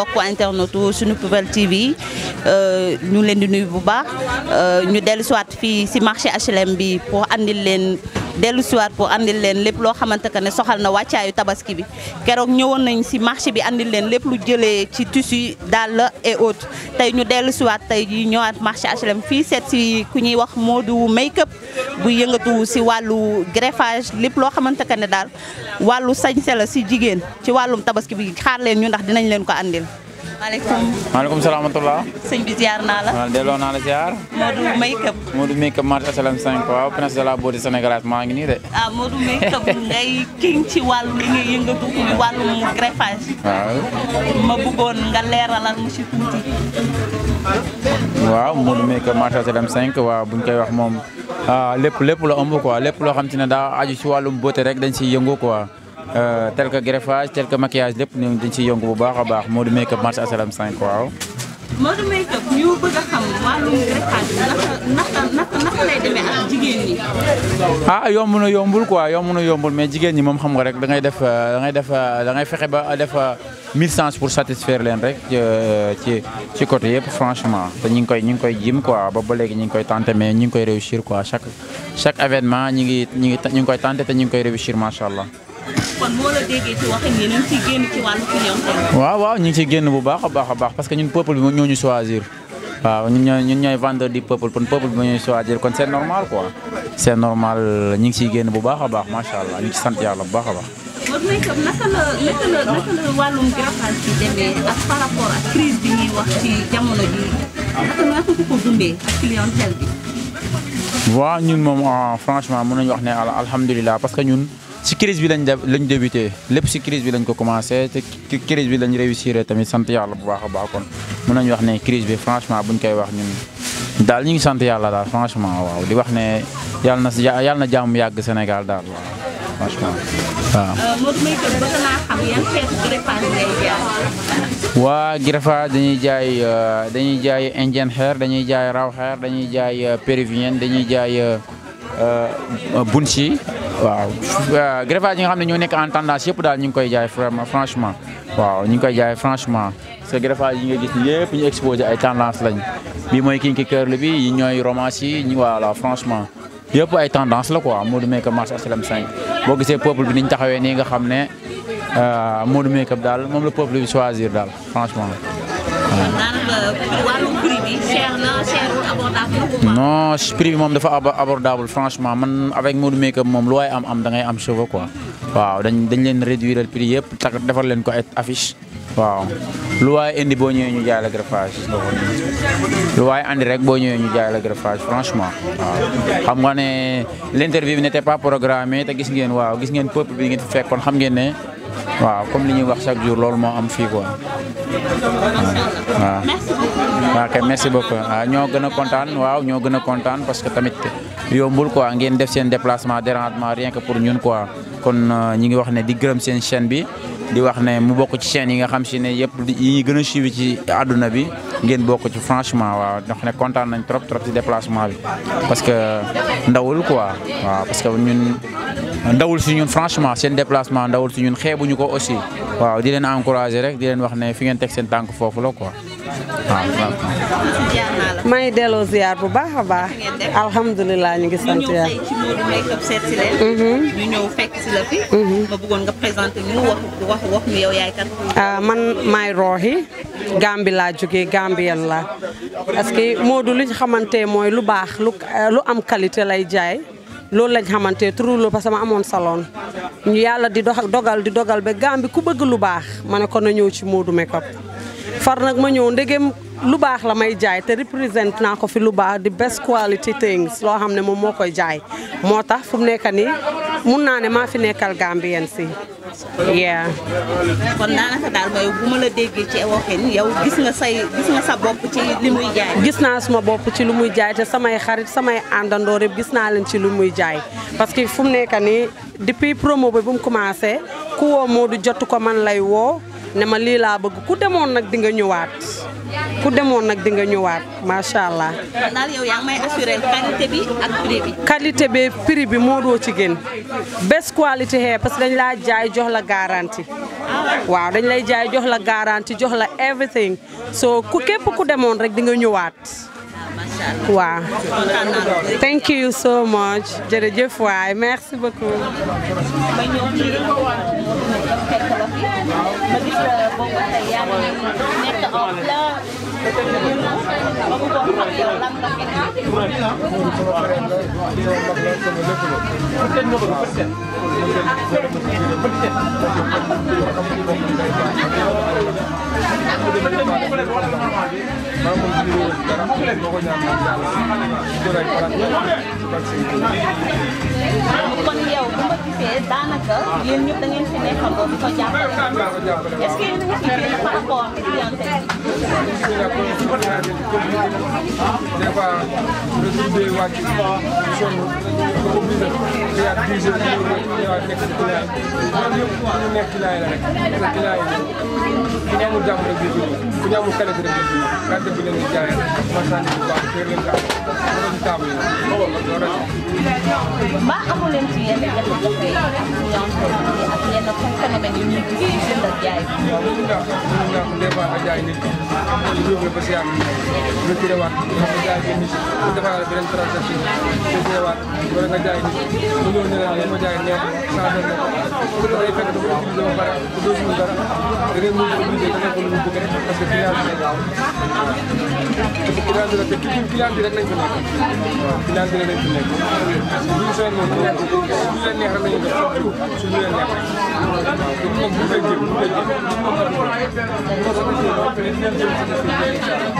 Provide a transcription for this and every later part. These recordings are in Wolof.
mbokk internetu suñu People TV euh, ñu leen di nuyu bu baax euh, ñu dellu siwaat fii si marché HLM bi pour andil leen. dellu siwaat pour andil leen lépp loo xamante ne soxal na wàccaayu tabaski bi keroog ñëwoon nañ si marché bi andil leen lépp lu jëlee ci tissu dàll et autres tey ñu dellu siwaat tey ji ñëwaat marché HLM fii seet si ku ñuy wax may Makeup bu yëngatu si wàllu greffage lépp loo xamante ne daal wàllu sañse la si jigéen ci wàllum tabaski bi xaar leen ñu ndax dinañ leen ko andil maaleykum. maaleykum salaam wa bi ziar naa la. waaw delloo naa la ziar. Modou Makeup. Modou Makeup marché HLM 5 waaw prince de la beauté maa ngi nii de. ah Modou Makeup ngay king ci wàllu li ngay yëngatu ci wàllum greffage. waaw. ma bëggoon nga leeralal mu si tuuti. waaw Modou Makeup marché HLM 5 waaw buñ koy wax moom ah, lépp lépp la ëmb quoi lépp loo xam te ne daa aju ci wàllum beauté rek dañ siy yëngu quoi. Euh, tel que greffage tel que lépp ñu di ciy yëngu bu baax a baax Modou Makeup marché Asalam 5 waaw. Modou Makeup ñu bëgg xam wàllum greffage naka naka naka lay ak jigéen ñi. ah yomb na yombul quoi yomb na yombul mais jigéen ñi moom xam nga rek da ngay def euh, da def euh, da ngay fexe ba def mille sens pour satisfaire leen rek ci ci côté yëpp franchement te ñu ngi koy ñu ngi koy jim quoi ba ba léegi ñu ngi koy tante mais ñu ngi koy réussir quoi chaque chaque événement ñu ngi ñu ngi ñu ngi koy tante te ñu ngi koy réussir macha allah. kon moo la déggee ci waxin yi ñu ngi génn ci wàllu clientèle. waaw waaw ñu ngi génn bu baax a baax a baax parce que ñun peuple bi ñoo ñu choisir. waaw ñun ñooy ñun ñooy vendeur du peuple kon peuple bi ñooy choisir kon c'est normal quoi. c'est normal ñu ngi ciy génn bu baax a baax macha allah ñu ci sant yàlla bu baax a baax. kon crise bi ñuy wax ci jamono jii waaw ñun moom ah, franchement mën nañu wax ne alhamdulilah parce que ñun. si crise bi lañ lañ débuté lépp si crise bi lañ ko commencé te crise bi lañ réussir tamit sant yàlla bu baax a baax kon mën nañu wax ne crise bi franchement buñ koy wax ñun daal ñu ngi sant yàlla daal franchement waaw di wax ne yàlla na yàlla na yàgg Sénégal daal waaw franchement waaw. Euh, Modou Mbaye Kër bëgg naa xam dañuy jaay euh, dañuy jaay indien hair dañuy jaay raw hair dañuy euh, dañuy jaay bunchi. waaw euh, greffage yi nga xam ne ñoo nekk en tendance yëpp daal ñu ngi koy jaay vraiment franchement waaw ñu ngi koy jaay franchement parce que greffage yi nga gis ni yëpp ñu exposé ay tendance lañ bi mooy kinki curl bi yi ñooy romance yi ñu voilà franchement yëpp ay tendance la quoi Modou Makeup marché HLM 5 boo gisee peuple bi niñ taxawee nii nga xam ne euh, Modou Makeup daal moom la peuple bi choisir daal franchement waaw non prix bi moom dafa abordable franchement man avec Modou Makeup moom lu waay am am da ngay am cheveux quoi. waaw dañ dañ leen réduire prix yëpp tax defar leen ko ay affiche waaw lu waay indi boo ñëwee ñu jaay la greffage lu waay andi rek boo ñëwee ñu jaay la greffage franchement waaw xam nga ne l' interview bi n'était pas programmé te gis ngeen waaw gis ngeen peuple bi ngeen xam ngeen waaw comme li ñuy wax chaque jour loolu moo am fii quoi waaw. waaw kay merci beaucoup ah, ñoo gën a kontaan waaw ñoo gën a kontaan parce que tamit yombul quoi ngeen def seen déplacement dérangement rien que pour ñun quoi. kon euh, ñi ngi wax ne di gërëm seen chaine bi di wax ne mu bokk ci chaîne yi nga xam si ne yëpp yi ñuy gën a suivi ci àdduna bi ngeen bokk ci franchement waaw ndax ne kontaan nañ trop trop ci déplacement bi parce que ndawul quoi waaw parce que ñun. ndawul si ñun franchement seen déplacement ndawul si ñun xeebu ñu ko aussi waaw di leen encouragé rek di leen wax ne fi ngeen teg seen tànk foofu la quoi waaw. maa ngi delloo ziar bu baax a baax. alhamdulilah ñu ngi sant yàlla. ñu ñëw man maay Rohi. Gambie laa jóge Gambien laa parce que Modou li ñu xamante mooy lu baax lu am qualité lay jaay. loolu lañ xamante turu la parce que ma amoon saloon ñu yàlla di dox dogal di dogal ba Gàmbi ku bëgg lu baax ma ne kon na ñëw ci Modou Makeup far nag ma ñëw ndegem lu baax la may jaay te représente naa ko fi lu baax di best quality things loo xam ne moom moo koy jaay moo tax fu mu nekk nii mun naa ne maa fi nekkal Gambien si yeah kon daanaka daal mooy bu ma la déggee ci waxin yow gis nga say sa bopp ci li muy jaay. gis naa suma bopp ci lu muy jaay te samay xarit samay àndandoo rek gis naa leen ci lu muy jaay parce que fu mu nekk nii depuis promo bi bu mu commencé ku woo Modou jotu ko man lay woo ne ma lii laa bëgg ku demoon nag di nga ñëwaat. ku demoon nag dinga nga ñëwaat macha allah. daal may assuré qualité bi ak prix bi. qualité moo doo ci gën best quality hair parce que dañ la jaay jox la garantie. waaw dañ lay jaay jox la garantie jox la everything so ku képp ku demoon rek di nga ñëwaat. waaw. thank you so much jërëjëf waay merci beaucoup. off lang. kon yow bu ma gisee daanaka yéen ñëpp da ngeen fi nekkandoo di ko jàppale est-ce que yéen a ngi ci par rapport ak clientèle des fois réseau bi wàcc sonn dafa obligé xëyaat dix heures ñu ñëwaat nekk ci client yi ñu nekk client yi la rek parce que client yi ku ñu amul jàmm rek di ku ñu amul qualité rek di gàtt bi leen di jaayal marchandise bu baax kër leen gaaw borom table yi mbaa amul leen ci yenn jafe-jafe yi ak yenn phénomène yu ñuy gis ci jënd ak jaay. waaw ñu ngi des fois a jaay nit ñi ñu yóbbu la ba si yàlla retiré waat xam nga jaay nit bu defaale beneen transaction retiré waat wala nga jaay nit mu ñëw ne la ma jaay neex changé na ko da ngay fekk dafa utilisé ba pare bu doo suñu dara da ngay mën ko utilisé da ngay lu bëgg rek parce que client bi la parce que client bi la te client bi rek lañ fi nekk waaw client bi rek lañ fi nekk buñ seen moom bu leen neex rek lañu def su ñu leen neex rek moom bu fay jëm bu fay jëm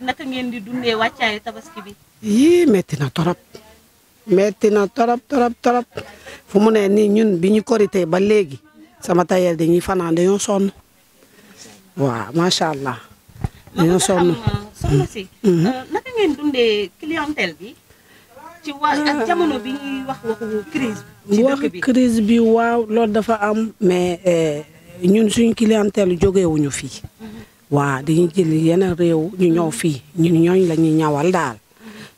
naka ngeen di dundee wàccaayu tabaski bi. yii métti na torop metti na torop torop torop fu mu ne nii ñun bi ñu korité ba léegi sama tailleur dañuy fanaan dañoo sonn waaw macha allah. dañoo sonn euh, soxna si. Mm. Mm-hmm. Euh, naka ngeen dundee clientèle bi. ci ah. bi ñuy wax waxu crise bi. waaw loolu dafa am. mais euh, ñun suñ suñu clientèle jógewuñu fii. Mm-hmm. waaw dañuy jël yeneen réew ñu ñëw fii ñun ñooñ la ñuy ñawal daal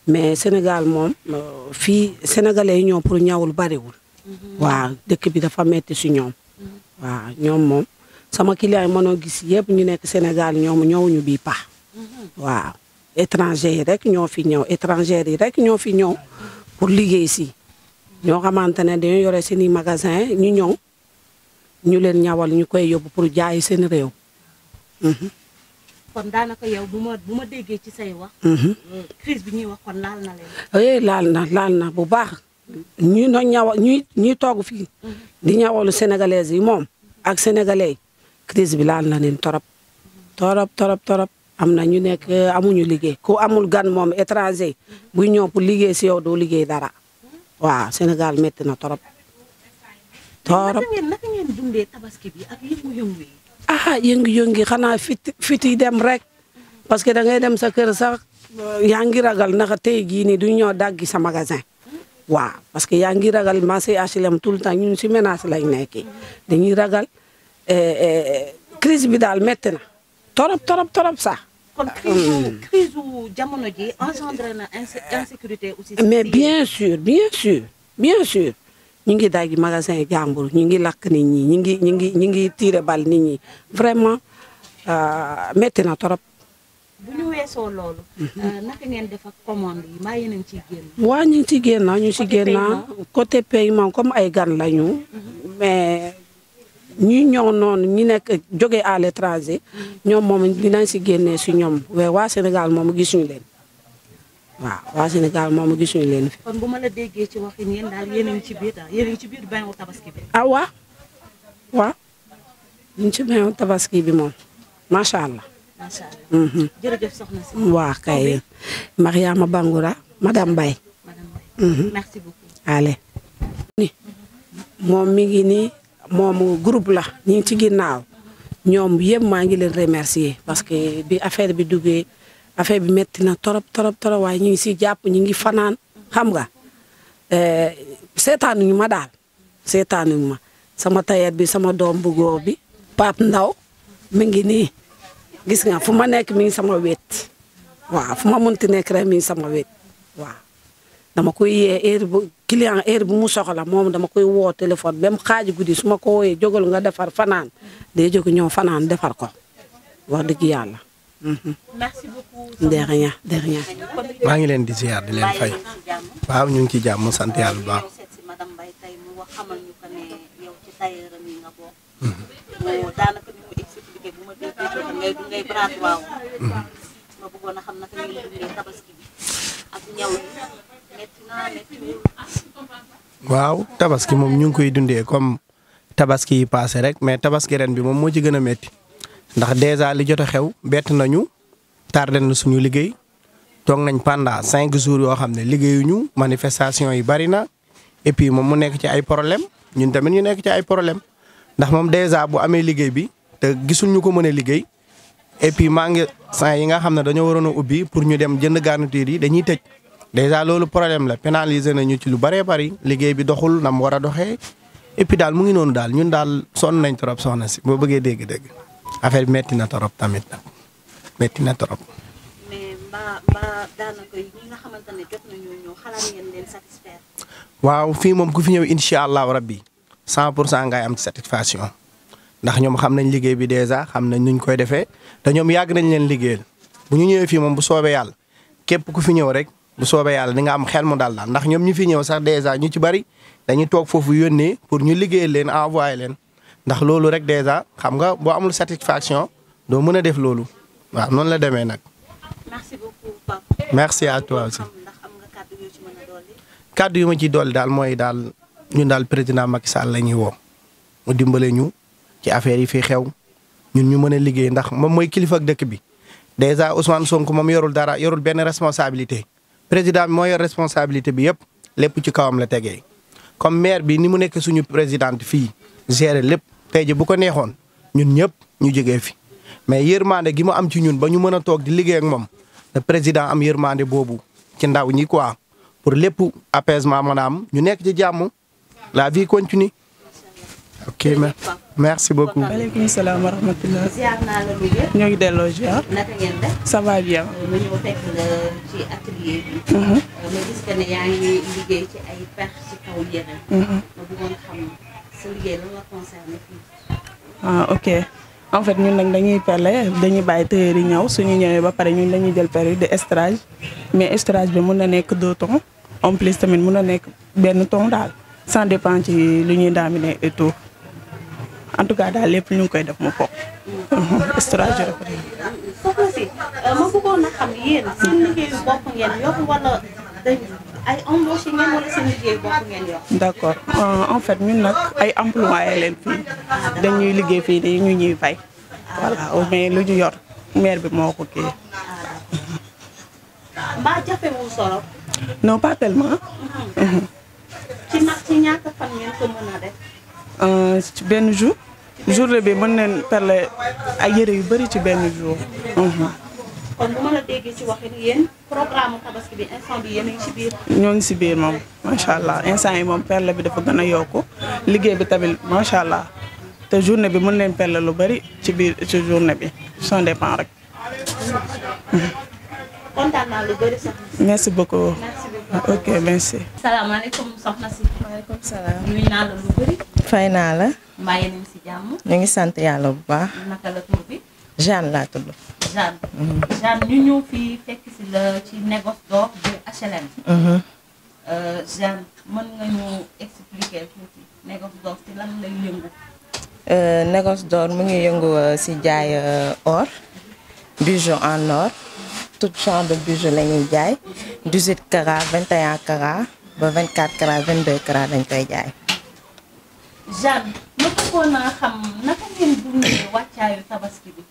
mais Sénégal moom euh, fii sénégalais yi ñoo pour ñawul bariwul. Mhm. waa dëkk bi dafa metti si ñoom. Mhm. waaw ñoom moom sama client yi mënoo gis yëpp ñu nekk Sénégal ñoom ñëwuñu bii pax. Mhm. waaw étranger yi rek ñoo fi ñëw étranger yi rek ñoo fi ñëw pour liggéey si. ñoo xamante ne dañoo yore seen i magasin ñu ñëw ñu leen ñawal ñu koy yóbbu pour jaayi seen réew. kon daanaka yow bu ma bu ma déggee ci say wax. Mhm. crise bi ñuy wax kon laal na leen. Eh, laal na bu baax. ñuy no ñawa ñuy ñuy toog fii. Mhm. di ñawalu sénégalaises yi moom. ak sénégalais yi bi laal na leen torop. torop torop torop am na ñu nekk eh, amuñu liggéey ko amul gan moom étranger. buy ñëw pour liggéey si yow doo liggéey dara. Mhm. waaw Sénégal metti na torop. torop ah yëngi-yëngi xanaa fit fit yi dem rek parce que da ngay dem sa kër sax yaa ngi ragal naka tey jii nii du ñoo daggi sa magasin waaw parce que yaa ngi ragal marché HLM tout le temps ñun si menace lañ nekki dañuy ragal eh, eh, crise bi daal métti na torop torop torop sax. jamono ji engendre na insécurité aussi. mais bien sûr bien sûr bien sûr. ñu ngi daj magasin jàmbur ñu ngi lakk nit ñi ñu ngi ñu ngi ñu ngi tiire bal nit ñi vraiment euh, métti na trop. bu ñu weesoo loolu. Euh, naka ngeen def ak commande yi maa yéen a génn. ñu ngi ciy génn ñu ngi ciy comme ay gan lañu. Mhm. mais ñi ñëw noonu ñi nekk jóge à l'étranger. ñoom moom dinañ si génnee si ñoom waaye waa Sénégal moom gisuñu leen. waaw waa Sénégal moom gisuñu leen fi. kon bu ma la déggee ci waxin daal yéen a ngi ci biir daal yéen a ngi ci biir bañu tabaski bi. ah waaw ngi ci bañu tabaski bi moom macha allah. Mhm. soxna si. waa kay Mariama Bangoura madame Baye. madame mhm. moom mi ngi moom groupe la ñu ngi ci ginnaaw ñoom yëpp maa ngi leen remercier parce que bi affaire bi duggee. affaire bi métti na torop torop torop waaye ñu ngi si jàpp ñu ngi fanaan xam nga eh, seetaanuñu ma daal seetaanuñu ma sama tailleur bi sama doom bu góor bi Pape Ndaw mi ngi nii gis nga fu ma nekk mi ngi sama wet waaw fu ma mënti nekk rek mi sama wet waaw dama koy yee heure bu client heure bu mu soxla moom dama koy woo téléphone même xaaju guddi su ma ko wooyee jógal nga defar fanaan day jóg ñëw fanaan defar ko wax dëgg yàlla merci beaucoup. maa ngi leen di ziar di waaw ñu ngi ci jàmm sant yàlla bu baax. waaw tabaski moom ñu ngi koy dundee comme tabaski yi paase rek mais tabaski ren bi moom moo ci gën a métti. ndax dèjà li jot a xew bett nañu tardé na suñu liggéey toog nañ pendant cinq jours yoo xam ne liggéeyuñu manifestation yi bari na et moom mu nekk ci ay problème ñun tamit ñu nekk ci ay problème ndax moom dèjà bu amee liggéey bi te gisul ñu ko mën a liggéey et puis maa ngi saa yi nga xam ne dañoo waroon a ubbi pour ñu dem jënd garniture yi dañuy tëj dèjà loolu problème la pénaliser nañu ci lu bëree bari liggéey bi doxul na mu war a doxee et puis daal ngi noonu daal ñun daal sonn nañ trop soxna si boo bëggee dégg-dégg. affaire bi métti na torop tamit nag na torop. waaw fii moom ku fi ñëw incha allahu rabbi cent pour cent ngay am ci satisfaction ndax ñoom xam nañ liggéey bi dèjà xam nañ nuñ koy defee te ñoom yàgg nañ leen liggéeyal bu ñu ñëwee fii moom bu soobee yàlla képp ku fi ñëw rek bu soobee yàlla di nga am xel mu daal daal ndax ñoom ñu fi ñëw sax dèjà ñu ci bari dañuy toog foofu yónnee pour ñu liggéeyal leen envoyé leen. ndax loolu rek dèjà xam nga boo amul satisfaction doo mën a def loolu waaw noonu la demee nag. merci beaucoup Pape. merci yu ma ci dool daal mooy daal ñun daal président Macky Sall la ñuy woo mu dimbale ñu ci affaire yi fi xew ñun ñu mën a liggéey ndax moom mooy kilifa ak dëkk bi dèjà Ousmane Sonko moom yorul dara yorul benn responsabilité président bi moo yor responsabilité bi yëpp lépp ci kawam la tegee comme maire bi ni mu nekk suñu présidente fii. gérer lépp tey ji bu ko neexoon ñun ñëpp ñu jóge fi mais yërmande gi mu am ci ñun ba ñu mën a toog di liggéey ak moom le président am yërmande boobu ci ndaw ñi quoi pour lépp apaisement am ñu nekk ci jàmm la vie continue. ok beaucoup. waaleykum salaam wa rahmatulah. bien. sa liggéey ah, ok en fait ñun nag dañuy perle dañuy bàyyi tailleur yi ñëw suñu ñëwee ba pare ñun dañuy jël perle de estrage mais estrage bi mun na nekk deux tons en plus tamit mun na nekk benn ton daal sans dépend ci lu ñuy daamine et tout en tout cas daal lépp ñu ngi koy def mu fokk. ay embauché ngeen d' accord euh, en fait ñun nag ay employé leen fii dañuy liggéey fii nii ñu ñuy fay. voilà mais lu ñu yor maire bi moo ko kii. Ah, mbaa pas tellement. Mm-hmm. ci euh, benn jour. journée bi mën nañ perle ay yére yu bari ci benn jour. Mm-hmm. kon bu ma la déggee ci waxin yéen programme ci biir. ñoo ngi si biir moom macha allah instant yi moom perle bi dafa gën a yokku liggéey bi tamit macha te journée bi mën leen perle lu bari ci biir ci journée bi ça dépend rek. kontaan naa la lu bari. fay naa la. ngi ñu ngi sant yàlla bu baax. naka la Jeanne laa tudd. Jeanne. Jeanne ñu ñëw fii fekk ci négoce d'or bu HLM. Mhm. Euh, Jeanne mën nga ñu expliquer tuuti négoce ci lan lay yëngu. Euh, négoce d'or mu ngi yëngu euh, si jaay or bijou en or tout genre de bijou la ñuy jaay 18 carats 21 carats ba 24 carats 22 carats dañ koy jaay. Jeanne ma bëggoon naa xam naka ngeen dundee wàccaayu tabaski bi.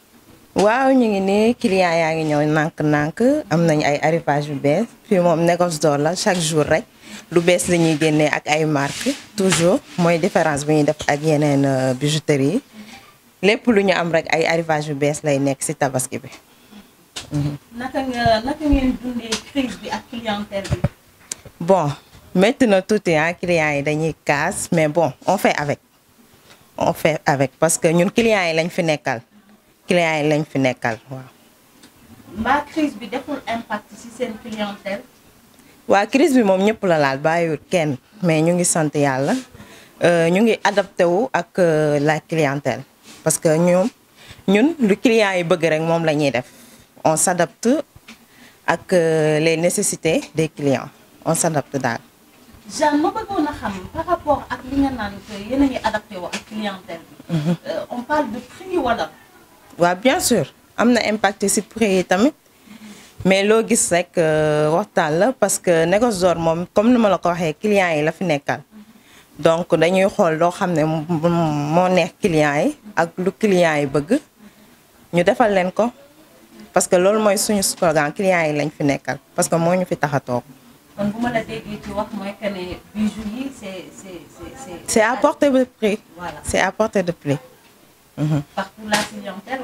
waaw ñu ngi nii client yaa ngi ñëw nànk-nànk am nañu ay arrivage yu bees fii moom négoce d'or la chaque jour rek lu bees la ñuy génnee ak ay marque toujours mooy différence bu ñuy def ak yeneen euh, bijouterie yi lépp lu ñu am rek ay arrivage yu bees lay nekk ci tabaski bi. Mhm. naka bon métti na tout ah clients yi dañuy kaas mais bon on fait avec on fait avec parce que ñun clients yi lañ fi nekkal. clients yi lañ fi nekkal waaw. mbaa crise bi deful impact ci seen clientèle. waa crise bi moom ñëpp la laal bàyyiwul kenn mais ñu ngi sant yàlla euh, ñu ngi adapté wu ak euh, la clientèle parce que ñoom ñun lu clients yi bëgg rek moom la ñuy def on s'adapte ak euh, les nécessités des clients on s'adapte daal. Jeanne ma bëggoon xam par rapport ak li nga naan yéen a ngi ak clientèle bi. Mhm. waa bien sûr am na impact si pris yi tamit mais loo gis rek euh, waxtaan la parce que négoce moom comme ni ma la ko waxee clients yi la fi nekkal donc dañuy xool loo xam ne moo neex clients yi ak lu clients yi bëgg ñu defal leen ko parce que loolu mooy suñu slogan clients yi lañ fi nekkal parce que moo ñu fi tax a toog kon c'est c'est à portée de prix. c'est à portée de prix. Mhm. partout la clientèle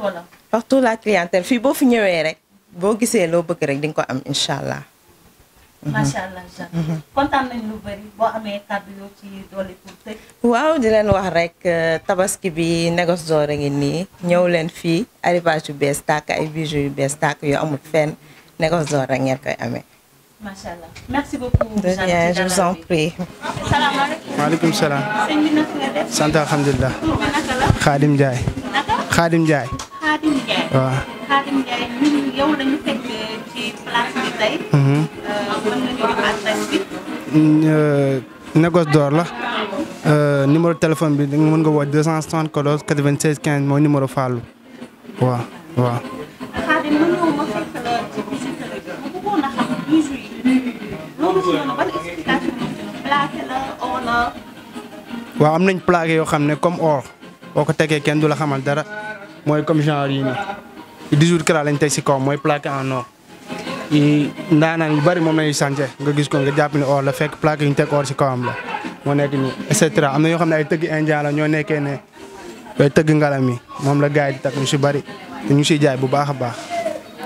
partout la clientèle fii boo fi ñëwee rek boo gisee loo bëgg rek di nga ko am incha allah. macha allah Jacques. di leen wax rek euh, tabaski bi négoce d'or a ngi nii ñëw leen fii arrivage yu bees tàkk ay bijoux yu bees tàkk yu amul fenn négoce d'or rek ngeen koy amee. macha allah merci beaucoup. je vous en prie. salaamaaleykum. maaleykum salaam. sëñ bi naka nga def. sant alhamdulilah. tur bi naka la. Khadim Ndiaye. bi tey. Mhm. Euh, mën nga ñëw adresse bi. Euh, négoce d'or la. Euh, numéro téléphone bi mooy numéro Fallou waaw am nañ plaque yoo xam ne comme or boo ko tegee kenn du la xamal dara mooy comme genre yi nii 18 carats lañ teg si kaw mooy plaque en or yi ndaanaan yu bari moom lañuy sànce nga gis ko nga jàpp ni or la fekk plaque yi ñu teg or si kawam la moo nekk nii et cetera am na yoo xam ne ay tëgg indien la ñoo nekkee ne yooyu tëgg ngalam yi moom la gars yi di takk ñu si bari te ñu siy jaay bu baax a baax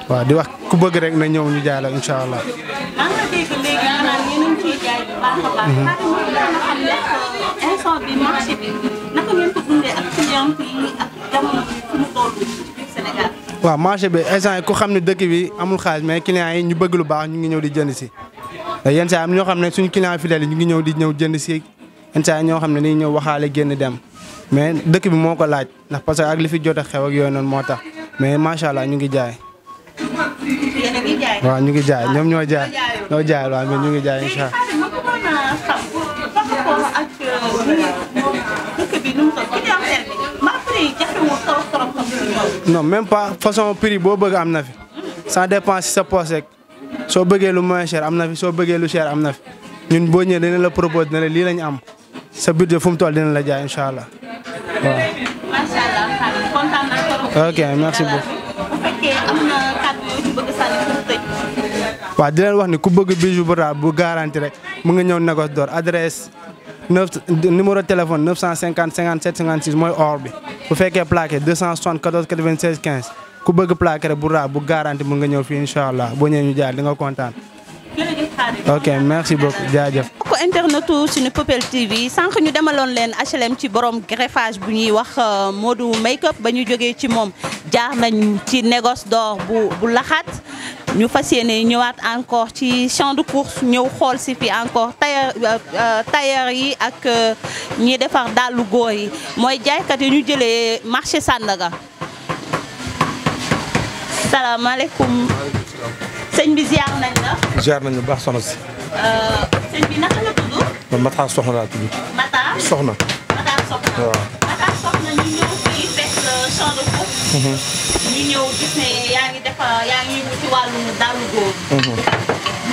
waaw di wax ku bëgg rek na ñëw ñu jaay la incha allah. ciy jaay bu baax a baax. xam ne waaw marché bi instant yi ku xam ne dëkk bi amul xaalis mais client yi ñu bëgg lu baax ñu ngi ñëw di jënd si. yenn saa am ñoo xam ne suñu client fidèle yi ñu ngi ñëw di ñëw jënd si yenn saa ñoo xam ne dañuy ñëw waxaale génn dem mais dëkk bi moo ko laaj ndax parce que ak li fi jot a xew ak yooyu noonu moo tax mais macha allah ñu ngi jaay. waaw ñu ngi jaay ñoom ñoo jaay. noo jaay waaw mais ñu ngi jaay incha même pas façon prix boo bëgg am na fi. ça dépend sa poche soo bëggee lu moins cher am na fi soo bëggee lu cher am nafi ñun boo ñëwee dina la propose dina la lii lañ am sa budget fu mu toll dina la jaay incha allah waaw. ok merci beaucoup. waaw di leen wax ni ku bëgg bijou bu rafet bu garanti rek mu nga ñëw négoce d'or adresse 9 numéro téléphone 950 57 56 mooy or bi bu fekkee plaqué 274 96 15 ku bëgg plaqué rek bu rafet bu garanti mu nga ñëw fii incha allah boo ñëwee ñu jaar di nga kontaan. ok merci beaucoup jaajëf. mbokku internetu suñu People TV sànq ñu demaloon leen HLM ci borom greffage bu ñuy wax euh, Modou Makeup ba ñu jógee ci moom jaar nañ ci négoce d'or bu bu laxaat ñu fas yéene ñëwaat encore ci champ de course ñëw xool si fi encore tailleur euh, euh, yi ak euh, ñi defar dàllu góor yi mooy jaaykat yi ñu jëlee marché Sandaga salaamaaleykum sëñ bi ziar nañ la. ziar nañ la baax soxna laa tudd. Soxna. Matar Soxna waaw. ñu ñëw fii fekk champ de course. ñu ñëw gis ne yaa ngi defa yaa ngi yëngu ci wàllu daalu góor. Mhm.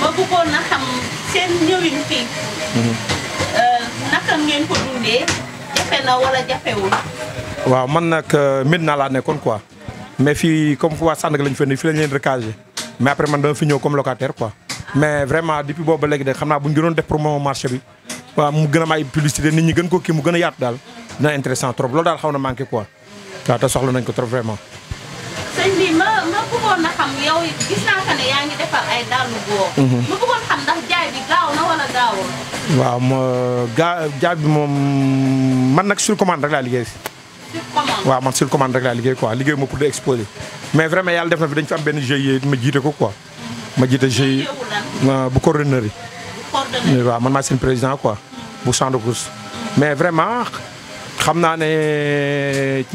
ma bëggoon na xam seen ñëwin fii. Mhm. Euh, naka ngeen ko dundee jafe na wala jafewul. waaw man nag euh, Médina laa nekkoon quoi mais fii comme waa Sandaga lañ fenn fii lañ leen recasé mais après man dama fi ñëw comme locataire quoi. mais vraiment depuis boobu ba de xam naa bu ñu doon def promo marché bi waaw mu gën a may publicité nit ñi gën ko kii mu gën a yaatu daal dina intéressant trop loolu xaw na manqué quoi. waaw te soxla nañ ko trop vraiment. sëñ bi ma ma bëggoon na xam gis naa yaa ngi defar ay dàllu góor. Mhm. ma bëggoon xam ndax jaay bi gaaw na wala gaawul. ma gaa jaay bi moom man nag sur commande rek laa liggéey. sur commande waaw man sur commande rek laa liggéey quoi liggéey mais vraiment yàlla def fi dañ fi am benn GIE ma jiite ko mhm. ma jiite GIE euh, bu coordonneur yi. man maa président quoi. Mhm. bu champ mais vraiment. xam naa ne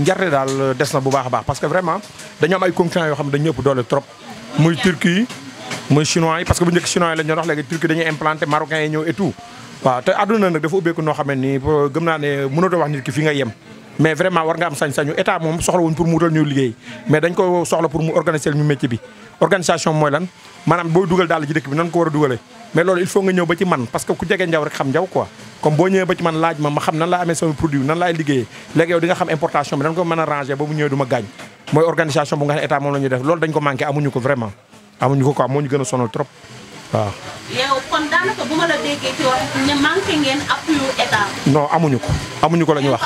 njarte daal des na bu baax a baax parce que vraiment dañoo am ay concurrents yoo xam ne dañu ëpp doole trop muy turquie muy chinois yi parce que bu njëkk chinois yi lañ doon wax léegi turquie dañuy implanté marocains yi ñëw et tout waaw te àdduna nag dafa ubbeeku noo xam ne nii gëm naa ne mënatoo wax nit ki fi nga yem mais vraiment war nga am sañ-sañu état moom soxla wuñ pour mu wutal ñu liggéey mais dañ ko soxla pour mu organiser ñu métier bi organisation mooy lan maanaam booy dugal daal ci dëkk bi nan ko war a dugalee mais loolu il faut nga ñëw ba ci man parce que ku jege njaw rek xam njaw quoi comme boo ñëwee ba ci man laaj ma ma xam nan laa amee sama produit nan laay liggéeyee léegi yow di xam importation bi nan ko mën a rangé ba mu ñëwee du ma gaañ mooy organisation bu nga xam état moom la def loolu dañ ko manqué amuñu ko vraiment amuñu ko quoi moo ñu gën a sonal trop waaw. yow kon daanaka bu ma la déggee ci wax amuñu ko amuñu ko la wax.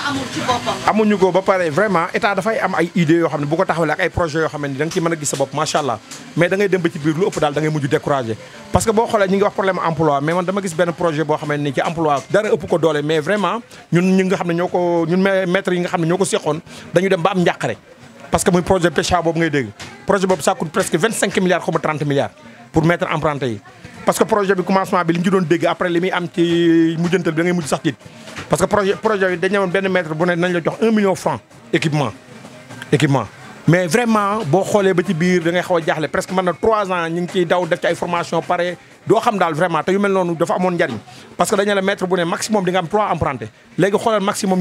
amuñu ko ba pare vraiment état dafay am ay idées yoo xam ne bu ko ak ay projets yoo xam ne da nga ci mën a gis sa bopp macha allah mais da dem ba ci biir lu ëpp daal da ngay mujj parce que boo xoolee ñu ngi wax problème emploi mais man dama gis benn projet boo xam ne ci emploi dara ëpp ko doole mais vraiment ñun ñi nga xam xam ne ñoo ko seqoon dañu dem ba am njàqare parce que muy projet pour mettre empreinte yi parce que projet bi commencement bi li ñu ci doon dégg après li muy am ci mujjantal bi da ngay mujj sax tiit parce que projet bi dañu benn mètre bu ne nañ la jox un million franc équipement mais vraiment boo xoolee ba ci biir da ngay xaw a jaaxle presque mën na trois ans ñu ngi ciy daw def ci ay formation pare doo xam daal vraiment te yu mel noonu dafa amoon njariñ parce que dañu la mètre bu ne maximum di am trois empreintes léegi xoolal maximum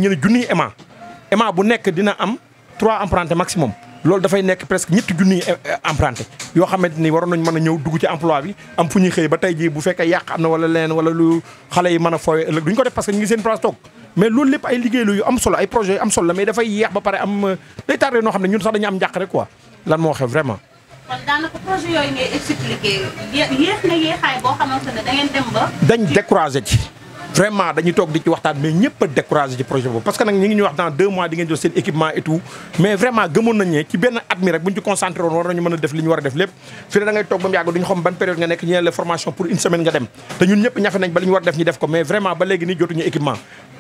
loolu dafay nekk presque ñetti junni eh, eh, emprunté yoo xamante ni waroon nañ mën a ñëw dugg ci emplois bi am fu ñuy xëy ba tey bu fekkee yàq am na wala leneen wala lu xale yi mën a foowee ëllëg duñ ko def parce que ñu ngi seen place toog mais loolu lépp ay liggéey yu am solo ay projet yu am solo la mais dafay yeex ba pare am euh, day tardé noo xam ne ñun sax dañu am njàq rek ko lan moo xew vraiment dañ découragé ci vraiment dañuy toog di ci waxtaan mais ñëpp a ci projet boobu parce que nag ñu ngi ñuy wax dans deux mois di ngeen jël seen équipement et mais vraiment gëmoon nañ ne def li war def lépp fi ne da toog ba mu yàgg duñu xam ba léegi nii jotuñu équipement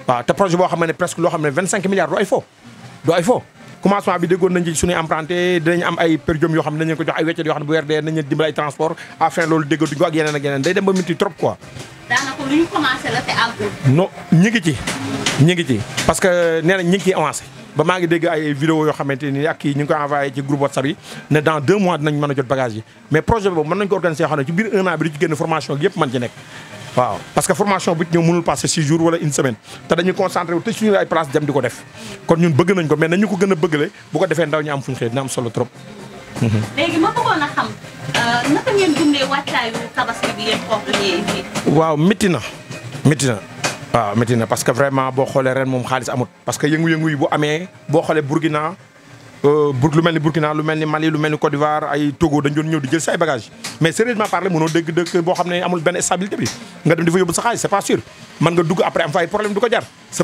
waaw te projet boo xam ne presque loo xam ne vingt cinq milliards du ay fo du ay fo commencement bi déggoon nañ ci suñuy emprunté dinañ am ay per yoo xam ne nañ leen jox ay weccet daanaka lu ñu commencé la te àggul. non ñu ngi ci ñu ngi ci parce que nee na ñu ngi ciy avancé ba maa ngi dégg ay vidéo yoo xamante ni ak ñu ngi koy envoyé ci groupe WhatsApp yi ne dans deux mois dinañ mën a jot bagage yi mais projet boobu mën nañ ko organiser xam ne ci biir un bi di génn formation yëpp mën ci nekk. waaw parce que formation bu ñu mënul passer six jours wala une semaine te dañuy concentré te suñu ay place dem di ko def kon ñun bëgg nañ ko mais nañu ko gën a bëggale bu ko defee ndaw ñu am fuñ xëy dina am léegi ma bëggoon a xam euh, naka ngeen dundee wàccaayu tabaski bi ngeen confirmé fii. waaw métti na métti na. waaw métti na parce que vraiment boo xoolee ren moom xaalis amut parce que yëngu-yëngu yi bu amee boo xoolee Burkina euh, bur lu mel ni Burkina lu mel ni Mali lu mel ni Côte d'Ivoire ay Togo dañ doon ñëw di mais sérieusement parlé mënoo dégg dëkk boo xam ne amul benn stabilité bi nga dem di fa yóbbu sa c'est pas sûr mën nga dugg après am fa problème du ko jar sa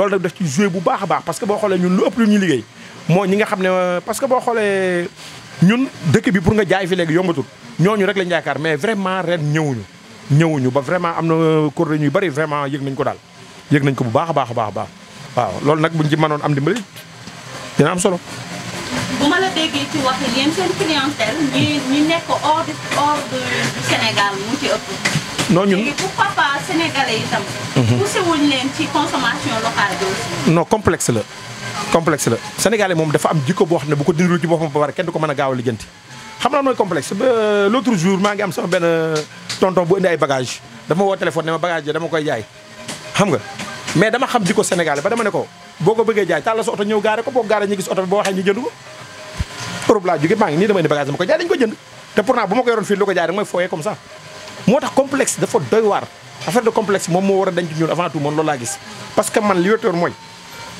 a baax parce que xoolee ñun lu ëpp lu ñu moo ñi nga xam ne parce que boo xoolee ñun dëkk bi pour nga jaay fi léegi yombatul ñooñu rek lañ yaakaar mais vraiment ren ñëwuñu ñëwuñu ba vraiment am na kuréel ñuy bari vraiment yëg nañ ko daal yëg nañ ko bu baax a baax a baax waaw loolu nag buñ ci mënoon am dimbali dina am solo. bu ma la déggee ci wax yéen seen clientèle ñi nekk hors Sénégal mu ci ëpp. non ñun léegi pourquoi pas sénégalais yi tam. Mhm. poussé leen ci consommation locale bi aussi. non complexe la. complexe la sénégalais moom dafa am jikko boo xam ne bu ko dindilu ci boppam ba pare kenn du ko mën a gaaw a lijjanti xam naa mooy complexe ba euh, l' autre jour maa ngi am sama benn euh, tonton bu indi ay bagage dafa ma woo téléphone ne ma bagage dama koy jaay xam nga mais dama xam jikko sénégalais ba dama ne ko boo ko bëggee jaay tàlla sa oto ñëw gaare ko boo gaare ñu gis oto bi boo waxee ñu jënd ko Europe laa jóge maa ngi nii dama indi bagage dama koy jaay dañu ko jënd te pourtant bu ma ko yoroon fii lu ko jaay rek mooy fooyee comme ça moo tax complexe dafa doy waar affaire de complexe moom moo war a denc ñun avant tout man loolu laa gis parce que man li wétoor mooy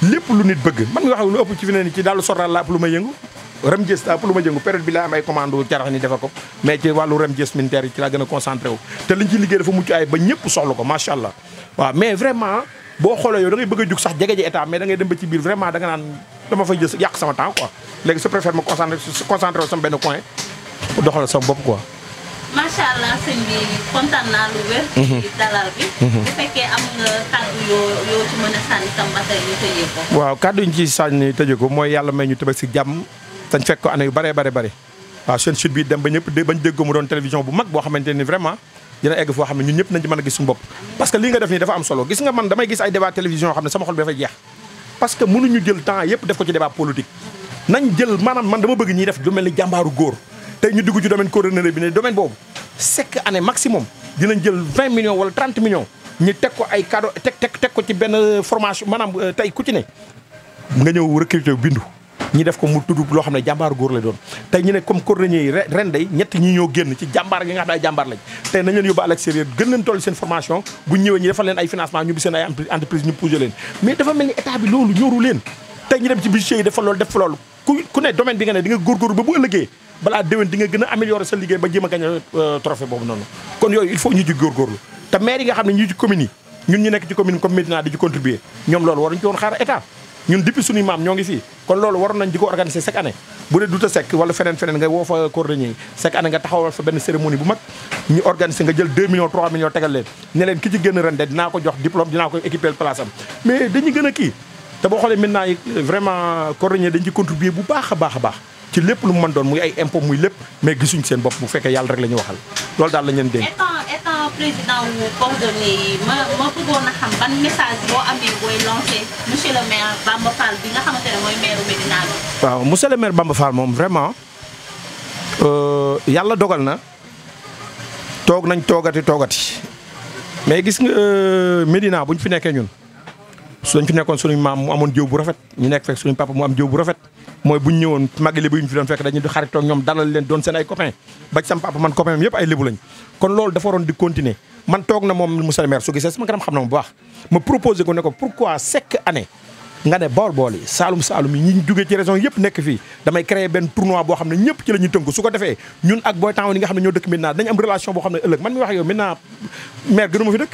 lépp lu nit bëgg man nga xam lu ëpp ci fi ne ni ci daal soral la ëpp lu ma yëngu rem gës ëpp lu ma yëngu période bi laa am ay commando jarax ni defa ko mais ci wàllu rem gës militaire ci laa gën a concentré wu te liñ ci liggéey dafa mucc ay ba ñëpp soxla ko macha allah waaw mais vraiment boo xoolee yow da ngay a jug sax jege ji état mais da ngay dem ba ci biir vraiment da nga naan dama fay jës yàq sama temps quoi léegi je préfère macha allah sëñ bi kontaan naa lu wér. ci mhm. mhm. a sànni waaw kàddu yi ñu ciy sànni tëjee ko mooy yàlla may ñu Tabaski jàmm. dañ fekk ko année yu bare bare bare waaw seen sud bi dem ba ñëpp bañ dégg mu doon télévision bu mag boo xamante ni vraiment dina egg foo xam ne ñun ñëpp nañ ci mën a gis suñu bopp parce que nga def nii dafa am solo gis nga man damay gis ay débat télévision yoo xam ne sama xol bi dafay jeex parce que mënuñu jël temps yëpp def ko ci débat politique nañ jël maanaam man dama bëgg ñuy def lu mel ni jàmbaaru góor tey ñu dugg ci domaine coordonnateur bi ne domaine boobu chaque année maximum dinañ jël vingt millions wala trente millions ñu teg ko ay cadeau teg teg teg ko ci benn formation maanaam euh, tey ku ci ne nga ñëw recruter bindu ñi def ko mu tudd loo xam ne jàmbaar góor la doon tey ñu ne comme coordonnateur ren day ñett ñi ñoo génn ci jàmbaar gi nga xam ne ay jàmbaar lañ tey nañ leen yóbbu à gën leen toll seen formation bu ñëwee ñu defal leen ay financement balaa déwén di nga gën a améliorer sa liggéey ba jéem a gagné euh, trophée boobu noonu kon yooyu il faut ñu ci góorgóorlu te maire nga xam ne ñu ci commune yi ñun ñu nekk ci commune comme Médina di ci contribuer ñoom loolu waruñu ci woon xaar état ñun depuis suñuy maam ñoo ngi fii kon loolu waroon nañ di ko organiser chaque année bu dee duta sekk a kii te boo xoolee maintenant vraiment coordonné dañ ci contribuer bu baax a baax a baax ci lépp lu mu mën doon mu ay impôt muy lépp mais gisuñ seen bopp bu fekkee yàlla rek la ñu waxal loolu daal la ñu leen dénk. président wu coordonné yi ma ma bëggoon a xam ban message boo amee booy lancé le maire Bamba Fall bi nga xamante ne mooy maire Médina la. waaw monsieur le maire Bamba Fall moom vraiment euh, yàlla dogal na toog nañ toogati toogati mais gis nga euh, Médina bu ñu fi nekkee ñun. suñ fi nekkoon suñu maam mu amoon jëw bu rafet ñu nekk fekk suñu papa mu am jëw bu rafet mooy bu ñu ñëwoon màggi lébu yi ñu fi doon fekk dañu di xaritoo ñoom dalal leen doon seen ay copain ba ci sama papa man copain am yëpp ay lébu lañ kon loolu dafa waroon di continuer man toog na moom monsieur le maire su gisee sama kanam xam na ma bu baax ma proposé ko ne ko pourquoi chaque année nga ne bool bool yi saalum saalum yi ñi ñu jógee ci région yëpp nekk fii damay créer benn tournoi boo xam ne ñëpp ci la ñuy tënku su ko defee ñun ak booy temps yi nga xam ne ñoo dëkk Médina dañu am relation boo xam ne ëllëg man mi wax yow Médina maire gënuma fi dëkk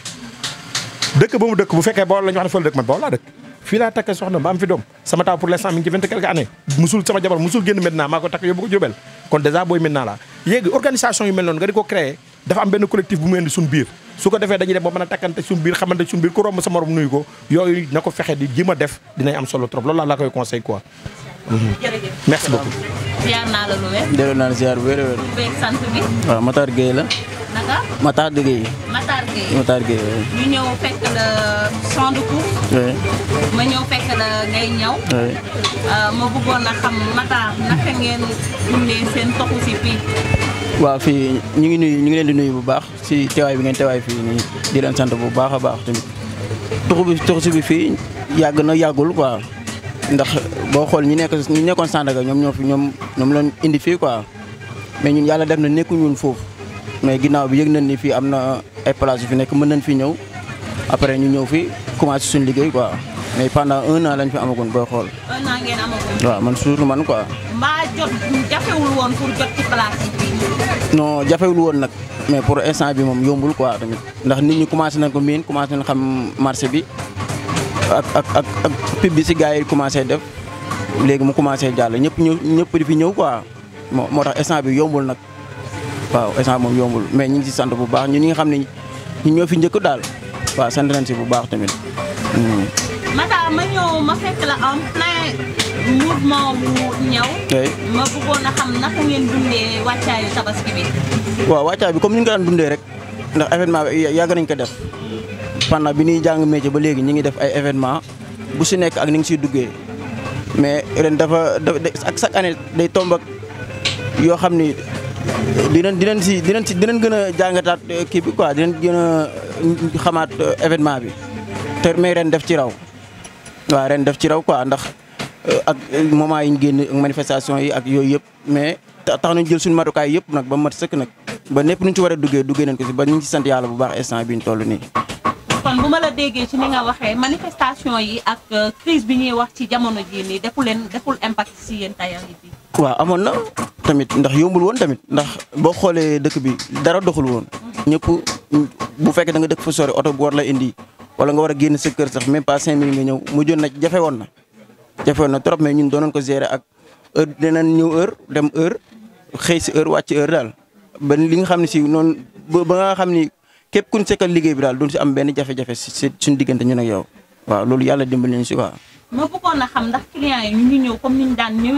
dëkk ba mu dëkk bu fekkee bool la ñu wax ne fa la dëkk man bool laa dëkk fii laa takk soxna ba am fi doom sama taaw pour l'instant mi ngi ci vingt quelques années musul sama jabar musul génn maintenant maa ko takk yóbbu ko jubel kon déjà booy maintenant la yéegi organisation yu mel noonu nga di ko créer dafa am benn collectif bu mu indi suñu biir su ko defee dañuy dem ba mën a takkante suñu biir xamante suñu biir ku romb sa morom nuyu ko yooyu na ko fexe di jéem a def dinañ am solo trop loolu laa la koy conseil quoi mhm. merci beaucoup ziar naa la lu la nga. Matar Gueye. Matar ñu ñëw fekk la champ ma ñëw fekk la ngay ñaw. Euh, ma bëggoon a xam Matar naka ngeen dundee seen toxu si fii. waaw fii ñu ngi nuy ñu ngi leen di nuyu bu baax si teewaay bi ngeen teewaay fii nii di leen sant bu baax a baax tamit toxu bi toxu bi fii yàgg na yàggul quoi ndax boo xool ñu nekk nekkoon Sandaga ñoom ñoo fi ñoom ñoom leen indi fii quoi mais ñun yàlla def na nekkuñu woon foofu. mais ginnaaw bi yëg nañ ni fii am na ay place yu fi nekk mën nañ fi ñëw après ñu ñëw fi commencé suñ liggéey quoi mais pendant un an lañ fi amagoon booy xool. waaw man surtout man quoi. mbaa jafewul woon nag mais pour instant bi moom yombul quoi tamit ndax nit ñi commencé nañ ko miin commencé nañ xam marché bi ak gars yi commencé def léegi mu commencé jàll ñëpp ñëw ñëpp di fi ñëw quoi moo moo tax instant bi yombul nag. waaw instant moom yombul mais ñu ngi si sant bu baax ñun ñi nga xam ne ñun ñoo fi njëkk daal waaw sant nañ si bu baax tamit. Hmm. Matar ma ñëw ma fekk la am plein mouvement wu ñëw. ma bëggoon a xam naka ngeen dundee wàccaayu tabaski bi. waaw wàccaay bi comme ni ñu ko daan dundee rek ndax événement bi yàgg nañ ko def pendant bi ñuy jàng métier ba léegi ñu ngi def ay événement bu si nekk ak ni ngi siy duggee mais ren dafa dafa chaque day tomb yoo xam ni. dinañ dinañ si dinañ si dinañ gën a jàngataat euh, kii bi quoi dinañ gën euh, xamaat euh, événement bi te mais ren def ci raw waaw ren def ci raw quoi ndax ak moment yi ñu génn manifestation yi ak yooyu yëpp mais tax nañ jël suñu matukaay yëpp nag ba mat sëkk nag ba népp nu ci war a duggee duggee nañ ko si ba ñu ngi si sant yàlla bu baax instant bi ñu toll nii. kon bu ma la déggee ci ni nga waxee manifestation yi ak euh, crise bi ñuy wax ci jamono jii nii defu leen deful impact si yéen tailleur yi fii. amoon na tamit ndax yombul woon tamit ndax boo xoolee dëkk bi dara doxul woon. ñëpp bu fekkee da nga dëkk fa sori oto bu war la indi wala nga war a génn sa kër sax même pas cinq mille nga ñëw mu jot na jafe woon na. jafe woon na trop mais ñun doonoon ko gérer ak heure dinañ ñëw heure dem heure xëy si heure wàcc heure daal ba li nga xam képp kuñ sekkal liggéey bi daal duñ si am benn jafe-jafe si suñu diggante ñun ak yow waaw loolu yàlla dimbali nañu si quoi. ma bëggoon a xam ndax client yi ñu ngi ñëw comme ñu ngi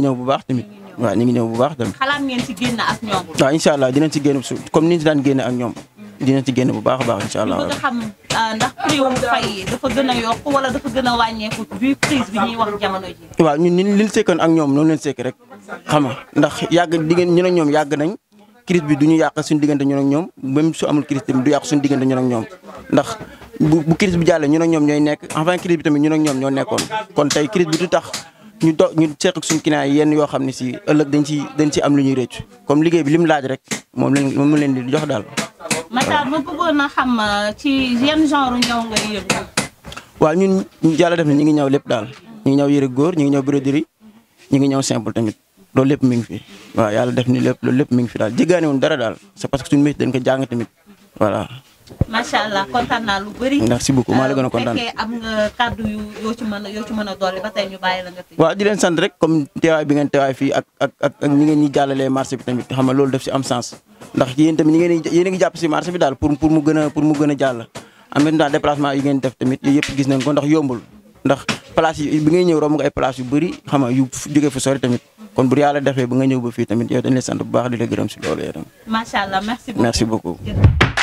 ñëw bu baax tamit. waaw ñu ngi ñëw bu baax tamit. xalaat ngeen si génn ak ñoom. dinañ si génn su comme ni ñu génne ak ñoom. dinañ si génn bu baax a baax incha allah. ñu bëgg a ah, li ñu ak ñoom noonu leen sekk rek xam nga ndax yàgg di ngeen ñun ak ñoom yàgg nañ crise bi du ñu yàq suñu diggante ñu ak ñoom même su amul crise tamit du yàq suñu bu bu crise bi jàllee ñu ak ñoom ñooy nekk avant crise bi tamit ñu ak ñoom ñoo nekkoon kon tey crise bi du tax ñu do ñu seq suñ suñu client yi yenn yoo xam ne si ëllëg dañ si dañ si am lu ñuy rëcc comme liggéey bi li mu laaj rek moom lañ moom leen di jox daal. Matar ma bëggoon a xam euh, ci yan genre ñaw ngay yëngu. waaw ñun yàlla def na ñu ngi ñaw lépp daal ñu ngi ñëw yëre góor ñu ngi ñëw broderie ñu ngi ñëw simple tamit loolu lépp mi ngi fi waaw yàlla def lépp loolu lépp mi ngi fi daal jéggaane wuñ dara daal c'est parce que suñu métier dañ ko jàng tamit voilà. macha allah kontaan naa lu a euh, a yoo ci a dolli ba tey ñu bàyyi la nga. waaw di bi ngeen teewaay fii ak ak ak ak ñi ngeen ñi jàllalee marché bi loolu def si am sens. ndax yéen tamit ñi ngeen jàpp si marché bi daal pour pour mu gën a pour mu gën a jàll en même temps yi ngeen def tamit yooyu yëpp gis nañ ko ndax yombul ndax place yi bi ngay ñëw romb nga ay place yu bëri xam nga yu jógee fu sori tamit kon bu yàlla defee ba nga ñëw ba fii tamit yow dañ lay sant bu baax di la gërëm si loolu yow tam. macha allah merci beaucoup